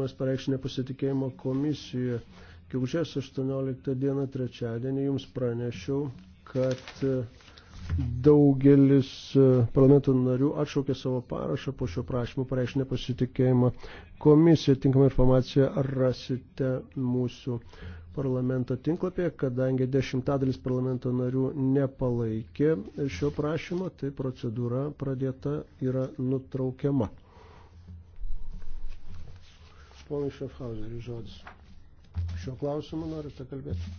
Mes pareikšime pasitikėjimo komisijoje. Kiaužės 18 dieną trečiadienį jums pranešiau, kad e, daugelis e, parlamento narių atšaukė savo parašą po šio prašymo, pareiškė nepasitikėjimą komisiją. Tinkamą informaciją rasite mūsų parlamento tinklapyje, kadangi dešimtadalis parlamento narių nepalaikė šio prašymo, tai procedūra pradėta yra nutraukiama. Ponai Šefhauzeriui žodis. Šiuo klausimu norite kalbėti?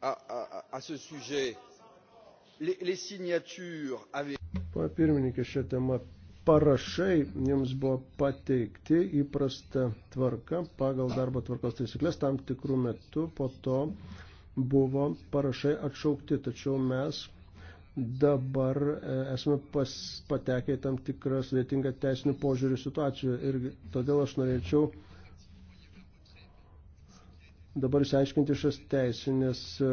À, à, à ce sujet, les, les signatures avaient. Pane pirmininkė, šią temą parašai jums buvo pateikti įprasta tvarka pagal darbo tvarkos taisyklės tam tikrų metų po to buvo parašai atšaukti, tačiau mes dabar e, esame pas, patekę į tam tikrą sudėtingą teisinių požiūrių situaciją ir todėl aš norėčiau dabar išsiaiškinti šias teisinės e,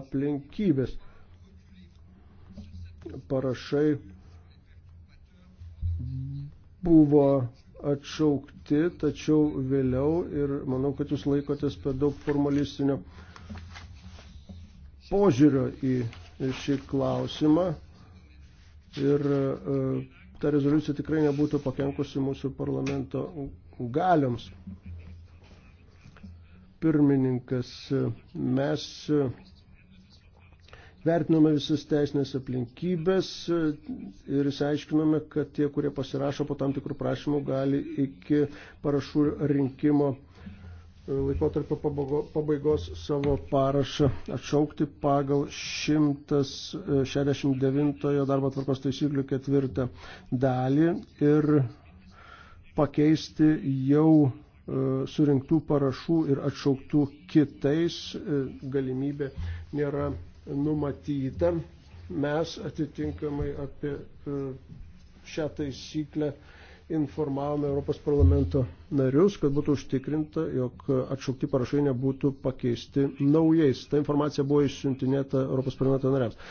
aplinkybės. Parašai buvo atšaukti, tačiau vėliau ir manau, kad jūs laikotės per daug formalistinio požiūrio į šį klausimą ir e, ta rezoliucija tikrai nebūtų pakenkusi mūsų parlamento galioms. Pirmininkas, e, mes e, vertinome visas teisinės aplinkybės ir išsiaiškinome, kad tie, kurie pasirašo po tam tikrų prašymų, gali iki parašų rinkimo laikotarpio pabaigos savo parašą atšaukti pagal 169 e, darbo tvarkos taisyklių ketvirtą dalį ir pakeisti jau e, surinktų parašų ir atšauktų kitais e, galimybė nėra numatyta. Mes atitinkamai apie šią taisyklę informavome Europos parlamento narius, kad būtų užtikrinta, jog atšaukti parašai nebūtų pakeisti naujais. Ta informacija buvo išsiuntinėta Europos parlamento nariams.